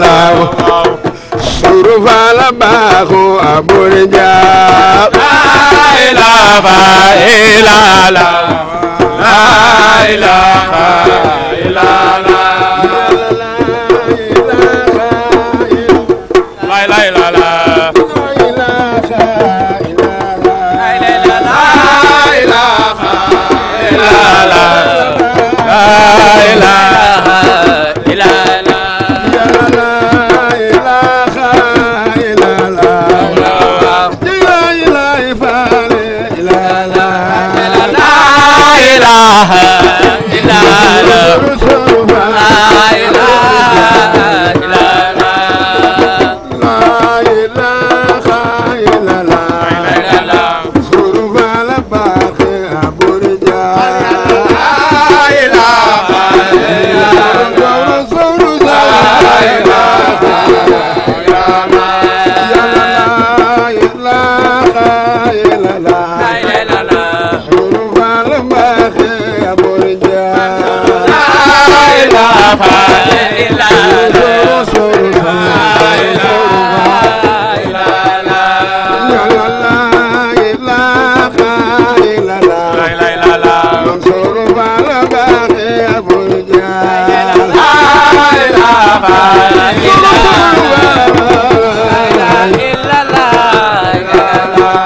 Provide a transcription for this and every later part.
laaw suru faal a baaxu abul jaab laa ilaaha e, illallaah laa ilaaha illallaah laa ilaaha e, illallaah Ay la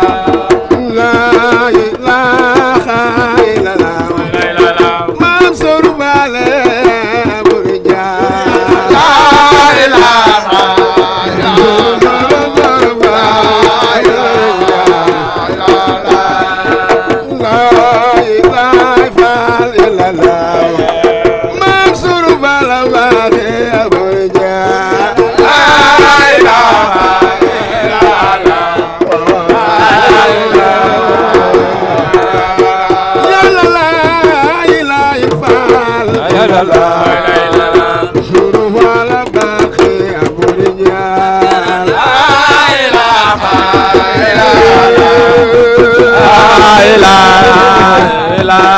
la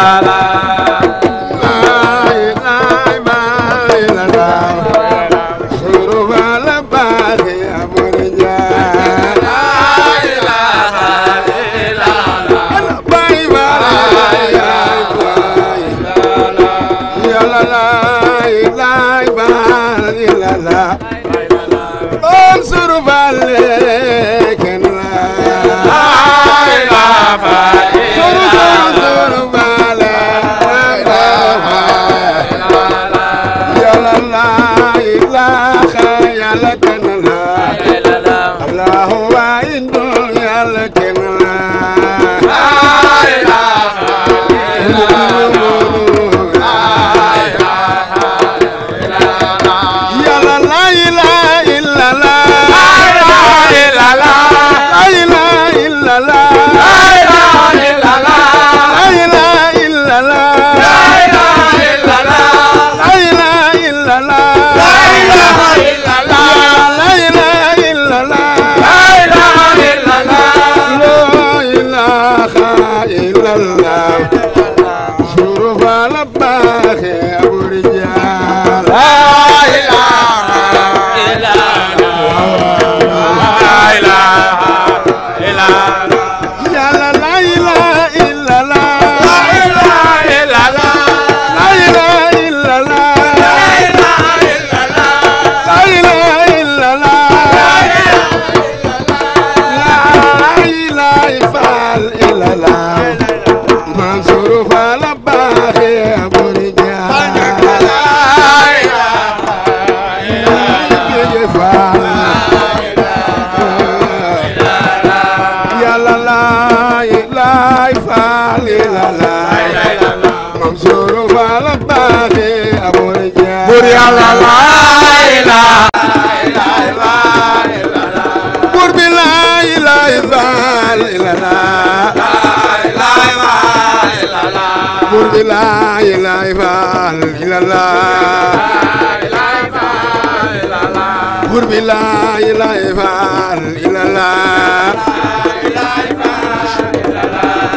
bi laa ilaaha illallaah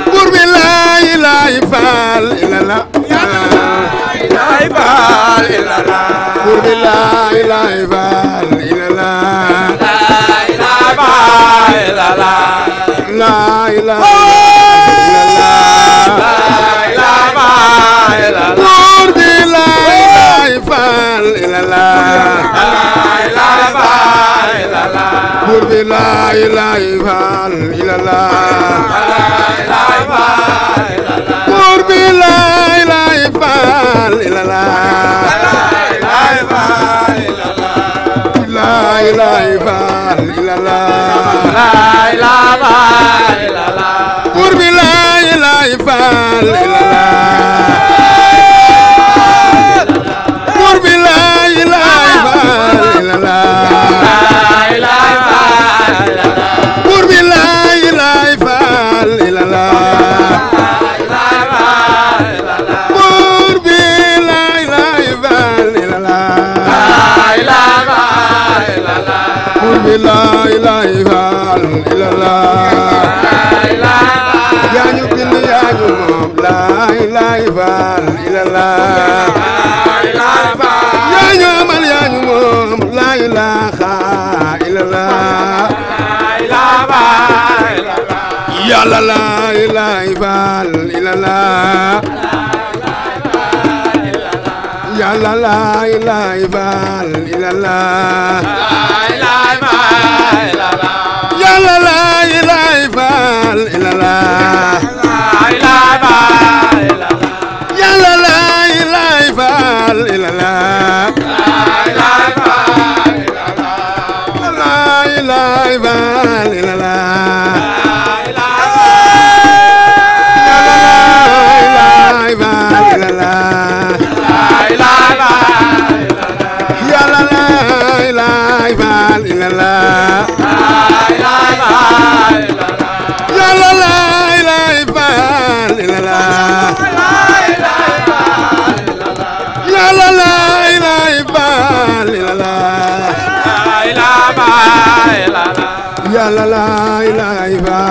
buur bi laa ilaaha illallaah buur bi laa ilaaha illallaah buur bi laa ilaaha illallaah buur bi laa ilaaha illallaah buur bi laa ilaaha illallaah laa ilaaha illallaah faal ilallah yaa ñu man yaa ñu moom la ilaha ilallah yàlla la ilaha faal ilallah yàlla la ilaha faal ilallah yàlla la la la ilaha illallah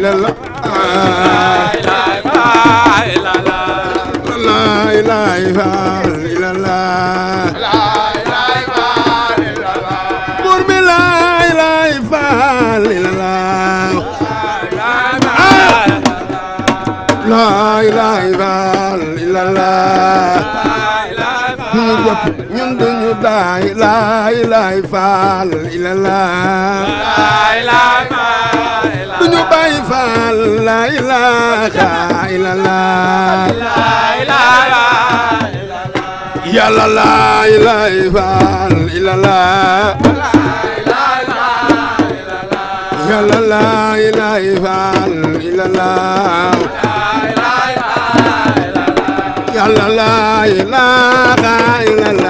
la ilaha illallah La ilaha illallah laa ilaha illallah faal ilallah la ilaha illallah